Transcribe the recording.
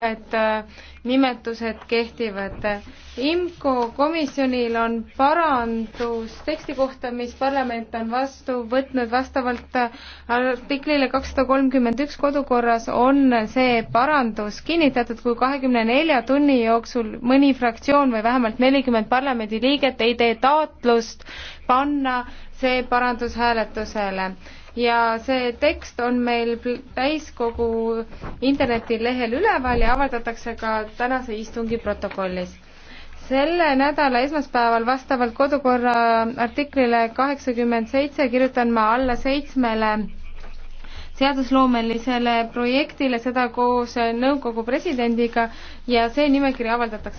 et äh, nimetused kehtivad. IMCO komisjonil on parandus teksti kohta, mis parlament on vastu võtnud vastavalt artiklile kakssada kolmkümmend üks kodukorras on see parandus kinnitatud, kui kahekümne nelja tunni jooksul mõni fraktsioon või vähemalt nelikümmend parlamendiliiget ei tee taotlust panna see parandus hääletusele ja see tekst on meil täiskogu internetilehel üleval ja avaldatakse ka tänase istungi protokollis. selle nädala esmaspäeval vastavalt kodukorra artiklile kaheksakümmend seitse kirjutan ma alla seitsmele seadusloomelisele projektile, seda koos nõukogu presidendiga ja see nimekiri avaldatakse